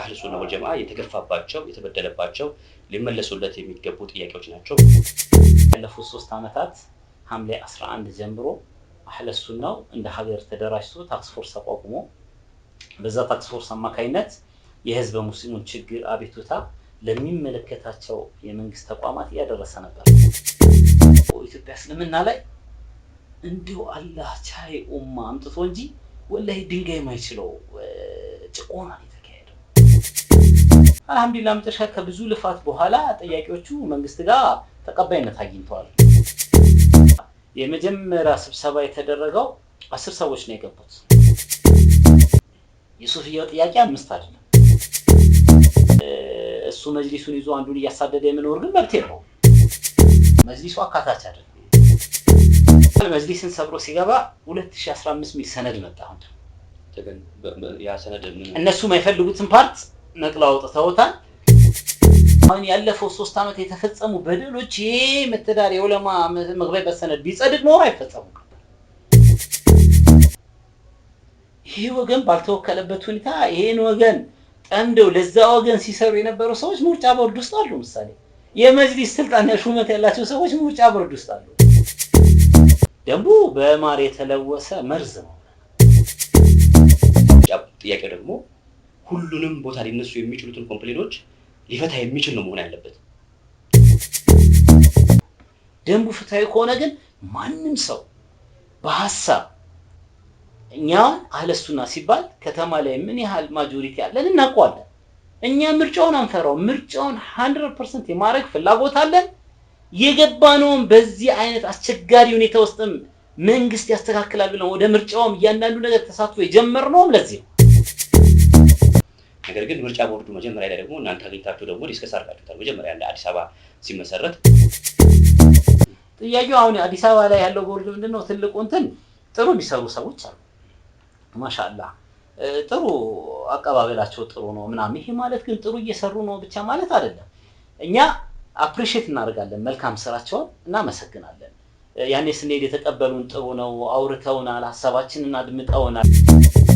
አህል ሱና ወልጀማ የተገፋባቸው የተበደለባቸው ሊመለሱለት የሚገቡ ጥያቄዎች ናቸው። ያለፉት ሶስት ዓመታት ሐምሌ 11 ጀምሮ አህለ ሱናው እንደ ሀገር ተደራጅቶ ታክስፎርስ አቋቁሞ በዛ ታክስፎርስ አማካኝነት የህዝበ ሙስሊሙን ችግር አቤቱታ ለሚመለከታቸው የመንግስት ተቋማት እያደረሰ ነበር። ኢትዮጵያ እስልምና ላይ እንዲሁ አላህ ቻይ ኡማ አምጥቶ እንጂ ወላይ ድንጋይ ማይችለው ጭቆና አልሐምዱሊላ መጨረሻ ከብዙ ልፋት በኋላ ጥያቄዎቹ መንግስት ጋር ተቀባይነት አግኝተዋል። የመጀመሪያ ስብሰባ የተደረገው አስር ሰዎች ነው የገቡት። የሱፍያው ጥያቄ አምስት አይደለም። እሱ መጅሊሱን ይዞ አንዱን እያሳደደ የምኖር ግን መብት የለው። መጅሊሱ አካታች አይደለም። መጅሊስን ሰብሮ ሲገባ 2015 ሚል ሰነድ መጣ። ሰነድ እነሱ የማይፈልጉትን ፓርት ነቅለው አውጥተውታል። አሁን ያለፈው ሶስት ዓመት የተፈጸሙ በደሎች ይህ መተዳር የዑለማ መግባቢያ ሰነድ ቢጸድቅ ኖሮ አይፈጸሙም። ይህ ወገን ባልተወከለበት ሁኔታ ይህን ወገን ጠምደው ለዛ ወገን ሲሰሩ የነበሩ ሰዎች ምርጫ ቦርድ ውስጥ አሉ። ምሳሌ የመጅሊስ ስልጣንና ሹመት ያላቸው ሰዎች ምርጫ ቦርድ ውስጥ አሉ። ደንቡ በማር የተለወሰ መርዝ ነው። ጥያቄው ደግሞ ሁሉንም ቦታ ሊነሱ የሚችሉትን ኮምፕሌኖች ሊፈታ የሚችል ነው መሆን ያለበት። ደንቡ ፍትሐዊ ከሆነ ግን ማንም ሰው በሀሳብ እኛ አለሱና ሲባል ከተማ ላይ ምን ያህል ማጆሪቲ አለን እናውቀዋለን። እኛ ምርጫውን አንፈራው። ምርጫውን ሀንድረድ ፐርሰንት የማድረግ ፍላጎት አለን። የገባነውን በዚህ አይነት አስቸጋሪ ሁኔታ ውስጥም መንግስት ያስተካክላል ብለን ወደ ምርጫውም እያንዳንዱ ነገር ተሳትፎ የጀመርነውም ለዚህ ነው። ነገር ግን ምርጫ ቦርዱ መጀመሪያ ላይ ደግሞ እናንተ አግኝታችሁ ደግሞ ዲስከስ አድርጋችሁታል። መጀመሪያ እንደ አዲስ አበባ ሲመሰረት ጥያቄው አሁን አዲስ አበባ ላይ ያለው ቦርድ ምንድን ነው? ትልቁ እንትን ጥሩ የሚሰሩ ሰዎች አሉ። ማሻላ ጥሩ አቀባበላቸው ጥሩ ነው ምናምን። ይሄ ማለት ግን ጥሩ እየሰሩ ነው ብቻ ማለት አይደለም። እኛ አፕሪሼት እናደርጋለን፣ መልካም ስራቸውን እናመሰግናለን። ያኔ ስንሄድ የተቀበሉን ጥሩ ነው፣ አውርተውናል፣ ሀሳባችንን አድምጠውናል።